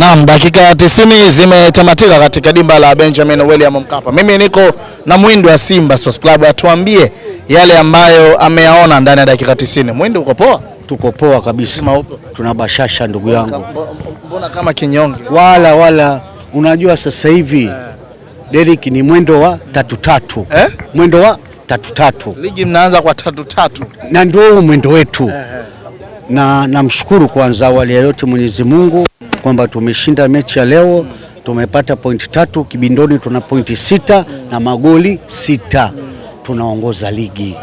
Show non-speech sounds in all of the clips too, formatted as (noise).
Naam, dakika 90 zimetamatika katika dimba la Benjamin William Mkapa. Mimi niko na Mwindi wa Simba Sports Club, atuambie yale ambayo ameyaona ndani ya dakika 90. Mwindi, uko poa? Tuko poa kabisa, tuna bashasha ndugu yangu. Mbona kama kinyonge? Wala wala, unajua sasa hivi Derrick ni mwendo wa tatu tatu eh? mwendo wa tatu tatu, ligi mnaanza kwa tatu tatu na ndio mwendo wetu eh, eh. na namshukuru kwanza awali ya yote Mwenyezi Mungu kwamba tumeshinda mechi ya leo, tumepata pointi tatu. Kibindoni tuna pointi sita na magoli sita, tunaongoza ligi,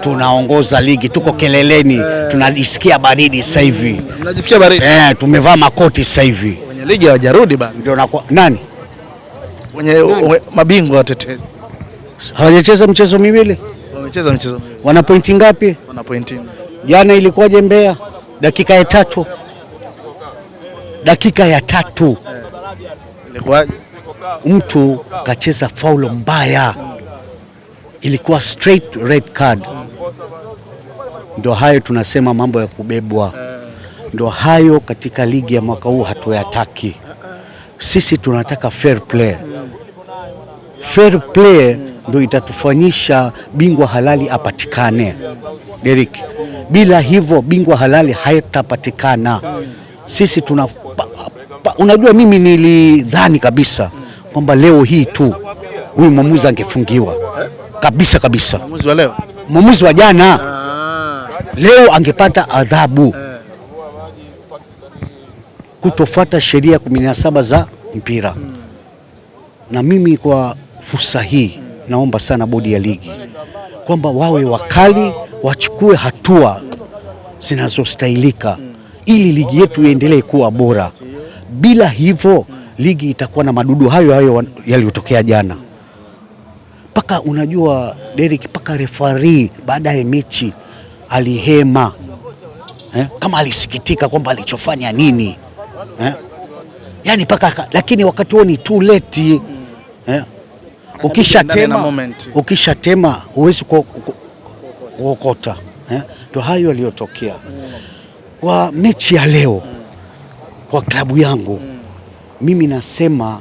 tunaongoza ligi, tuko keleleni, eh. tunajisikia baridi sasa hivi, tunajisikia baridi eh, tumevaa makoti sasa hivi. Kwenye ligi hawajarudi bado, ndio nakuwa nani Kwenye mabingwa watetezi hawajacheza mchezo miwili, wamecheza mchezo, wana pointi ngapi? Wana pointi jana ilikuwaje? Mbeya dakika ya tatu dakika ya tatu mtu kacheza faulo mbaya, ilikuwa straight red card. Ndio hayo tunasema mambo ya kubebwa, ndio hayo katika ligi ya mwaka huu hatuyataki sisi, tunataka fair play. Fair play ndio itatufanyisha bingwa halali apatikane, Derek. Bila hivyo bingwa halali hayatapatikana. Sisi tuna Unajua, mimi nilidhani kabisa kwamba leo hii tu huyu mwamuzi angefungiwa kabisa kabisa, mwamuzi wa leo, mwamuzi wa jana ah. leo angepata adhabu kutofuata sheria 17 za mpira. Na mimi kwa fursa hii naomba sana bodi ya ligi kwamba wawe wakali, wachukue hatua zinazostahilika ili ligi yetu iendelee kuwa bora. Bila hivyo ligi itakuwa na madudu hayo hayo yaliyotokea jana, mpaka unajua Derek, mpaka refari baada ya mechi alihema eh, kama alisikitika kwamba alichofanya nini eh, yani paka, lakini wakati huo ni too late eh, ukisha tema huwezi kuokota eh, ndio hayo yaliyotokea kwa mechi ya leo kwa klabu yangu mm. Mimi nasema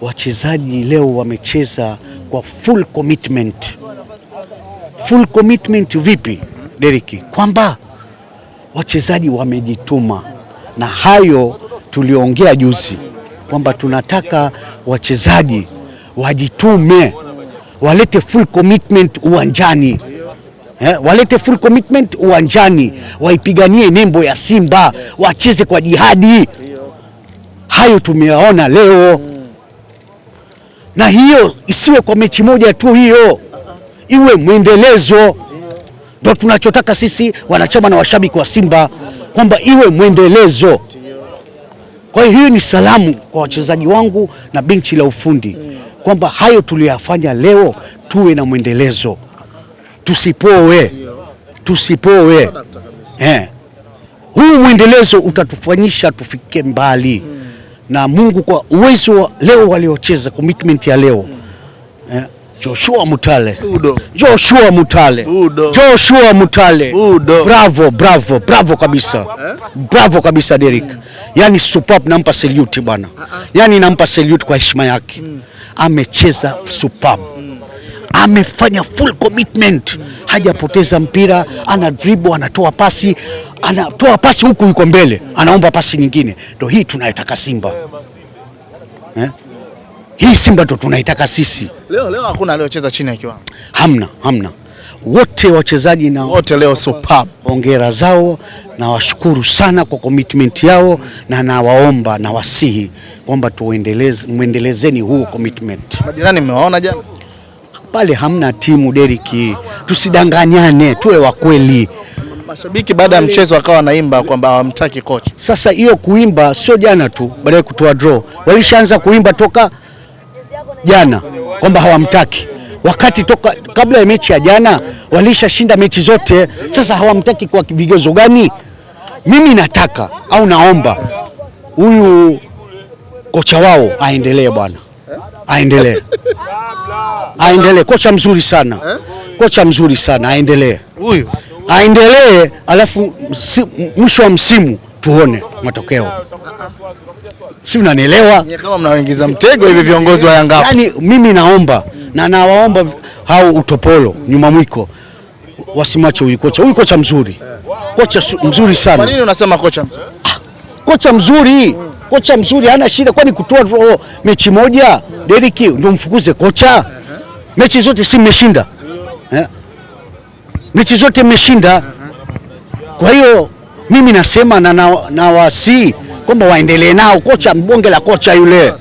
wachezaji leo wamecheza mm. kwa full commitment. Full commitment vipi, Deriki? Kwamba wachezaji wamejituma, na hayo tuliongea juzi kwamba tunataka wachezaji wajitume, walete full commitment uwanjani. Eh, walete full commitment uwanjani waipiganie nembo ya Simba yes. Wacheze kwa jihadi. Hayo tumeyaona leo mm. Na hiyo isiwe kwa mechi moja tu, hiyo iwe mwendelezo. Ndio tunachotaka sisi wanachama na washabiki wa Simba kwamba iwe mwendelezo. Kwa hiyo hiyo ni salamu kwa wachezaji wangu na benchi la ufundi kwamba hayo tuliyafanya leo tuwe na mwendelezo tusipoe, tusipoe. Eh, huu mwendelezo utatufanyisha tufike mbali mm. na Mungu kwa uwezo wa leo waliocheza commitment ya leo mm. eh, Joshua Mutale Udo. Joshua Mutale Udo. Joshua Mutale Udo. Bravo, bravo, bravo kabisa eh? Bravo kabisa Derek mm. Yani superb, nampa salute bwana uh -uh. Yani nampa salute kwa heshima yake mm. Amecheza superb amefanya full commitment, hajapoteza mpira, ana dribble, anatoa pasi, anatoa pasi huku, yuko mbele, anaomba pasi nyingine. Ndio hii tunayotaka Simba eh? Hii Simba ndo tunaitaka sisi. Leo leo hakuna aliocheza chini ya kiwango, hamna, hamna wote wachezaji na wote leo superb. Hongera zao na washukuru sana kwa commitment yao, na nawaomba na wasihi kwamba tuendeleze, muendelezeni huu commitment. Majirani mmewaona jana? pale hamna timu Deriki, tusidanganyane, tuwe wa kweli. Mashabiki baada ya mchezo akawa wanaimba kwamba hawamtaki kocha. Sasa hiyo kuimba sio jana tu, baadaye kutoa draw, walishaanza kuimba toka jana kwamba hawamtaki, wakati toka kabla ya mechi ya jana walishashinda mechi zote. Sasa hawamtaki kwa vigezo gani? Mimi nataka au naomba huyu kocha wao aendelee bwana, aendelee (laughs) aendelee. Kocha mzuri sana eh? Kocha mzuri sana aendelee, huyu aendelee, alafu mwisho wa msimu tuone matokeo, si unanielewa? Kama mnaoingiza mtego hivi viongozi wa Yanga, yani mimi naomba na nawaomba hao utopolo nyuma mwiko wasimache huyu kocha, huyu kocha mzuri, kocha mzuri sana. Kwa nini unasema kocha mzuri? Ah, kocha mzuri kocha mzuri hana shida, kwani kutoa mechi moja Deriki ndio mfukuze kocha? mechi zote si mmeshinda yeah. mechi zote mmeshinda kwa hiyo mimi nasema na na, na kwamba waendelee nao, kocha mbonge la kocha yule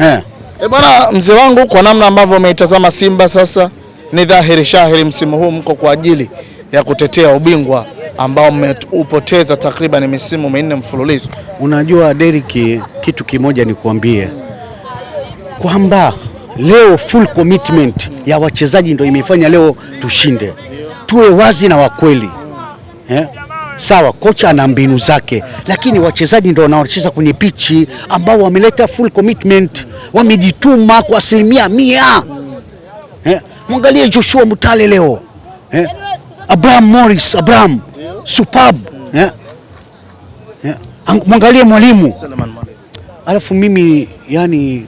yeah. E eh, bwana mzee wangu, kwa namna ambavyo umeitazama Simba sasa, ni dhahiri shahiri msimu huu mko kwa ajili ya kutetea ubingwa ambao mmeupoteza takriban misimu minne mfululizo. Unajua Deriki, kitu kimoja nikuambie kwamba Leo full commitment ya wachezaji ndio imefanya leo tushinde. Tuwe wazi na wakweli eh? Sawa, kocha ana mbinu zake, lakini wachezaji ndio wanaocheza kwenye pichi ambao wameleta full commitment, wamejituma kwa asilimia mia. Eh? Mwangalie Joshua Mutale leo eh? Abraham Morris, Abraham superb eh? Eh? Mwangalie mwalimu, alafu mimi yani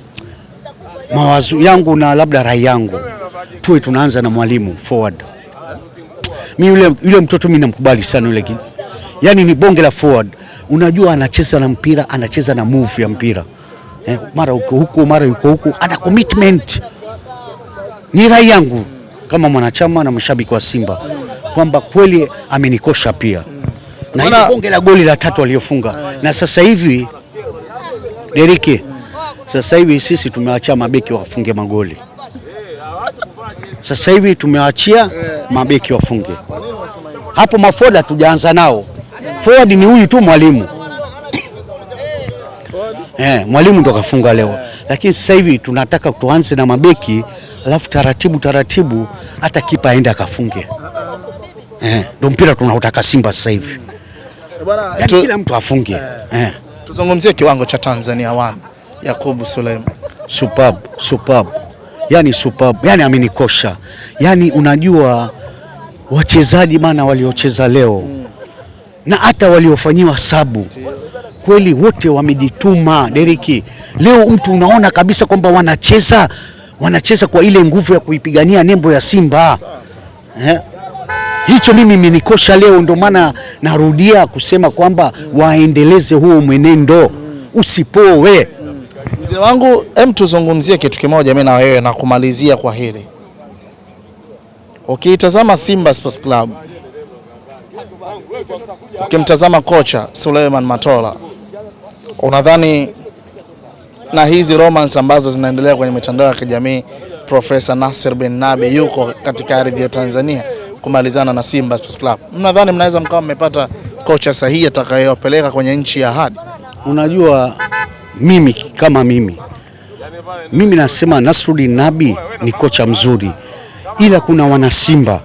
mawazo yangu na labda rai yangu, tuwe tunaanza na mwalimu forward. Mi yule, yule mtoto mi namkubali sana yule, yani ni bonge la forward. Unajua anacheza na mpira, anacheza na move ya mpira eh, mara uko huku mara yuko huku, ana commitment. Ni rai yangu kama mwanachama na mshabiki wa Simba kwamba kweli amenikosha pia na bonge la goli la tatu aliyofunga, na sasa hivi Deriki sasa hivi sisi tumewaachia mabeki wafunge magoli, sasa hivi tumewaachia mabeki wafunge. Hapo mafoda tujaanza nao, forward ni huyu tu mwalimu (coughs) eh, mwalimu ndo kafunga leo, lakini sasa hivi tunataka tuanze na mabeki, alafu taratibu taratibu hata kipa aende akafunge. Eh, ndo mpira tunautaka Simba sasa hivi, eh, yaani kila mtu afunge eh, eh. Tuzungumzie kiwango cha Tanzania 1 Yakubu Suleiman. Superb, superb. Yani superb. Yani amenikosha. Yani unajua wachezaji mana waliocheza leo na hata waliofanyiwa sabu kweli wote wamejituma Deriki. Leo mtu unaona kabisa kwamba wanacheza wanacheza kwa ile nguvu ya kuipigania nembo ya Simba eh? Hicho mimi imenikosha leo, ndio maana narudia kusema kwamba waendeleze huo mwenendo, usipoe. Mzee wangu, hem, tuzungumzie kitu kimoja mimi na wewe na kumalizia kwa hili. Ukiitazama okay, Simba Sports Club ukimtazama kocha Suleiman Matola, unadhani na hizi romance ambazo zinaendelea kwenye mitandao ya kijamii, Profesa Nasir bin Nabi yuko katika ardhi ya Tanzania kumalizana na Simba Sports Club, mnadhani mnaweza mkawa mmepata kocha sahihi atakayewapeleka kwenye nchi ya ahadi? Unajua mimi kama mimi mimi nasema Nasrudin Nabi ni kocha mzuri, ila kuna wanasimba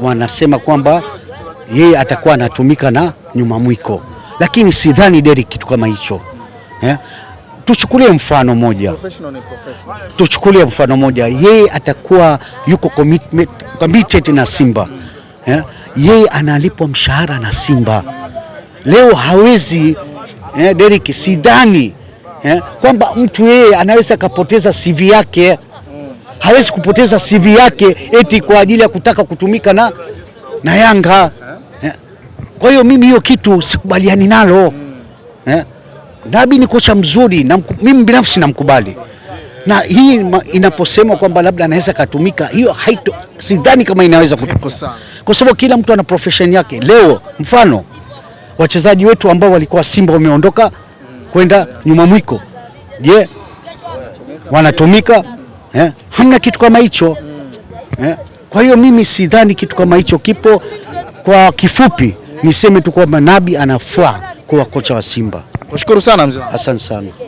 wanasema kwamba yeye atakuwa anatumika na nyuma mwiko, lakini sidhani Deri kitu kama hicho yeah. Tuchukulie mfano moja, tuchukulie mfano moja, yeye atakuwa yuko commitment, committed na Simba yeah. Yeye analipwa mshahara na Simba, leo hawezi eh, Derek sidhani eh, kwamba mtu yeye anaweza akapoteza CV yake. Eh. Hawezi kupoteza CV yake eti kwa ajili ya kutaka kutumika na, na Yanga eh. Kwa hiyo mimi hiyo kitu sikubaliani nalo eh. Nabi ni kocha mzuri na mimi binafsi namkubali na hii inaposema kwamba labda anaweza katumika, hiyo haito, sidhani kama inaweza kutumika, kwa sababu kila mtu ana profession yake. Leo mfano wachezaji wetu ambao walikuwa Simba wameondoka kwenda nyuma mwiko, je, wanatumika yeah. Hamna kitu kama hicho yeah. Kwa hiyo mimi sidhani kitu kama hicho kipo. Kwa kifupi niseme tu kwamba Nabi anafaa kuwa kocha wa Simba. Nashukuru sana mzee. Asante sana.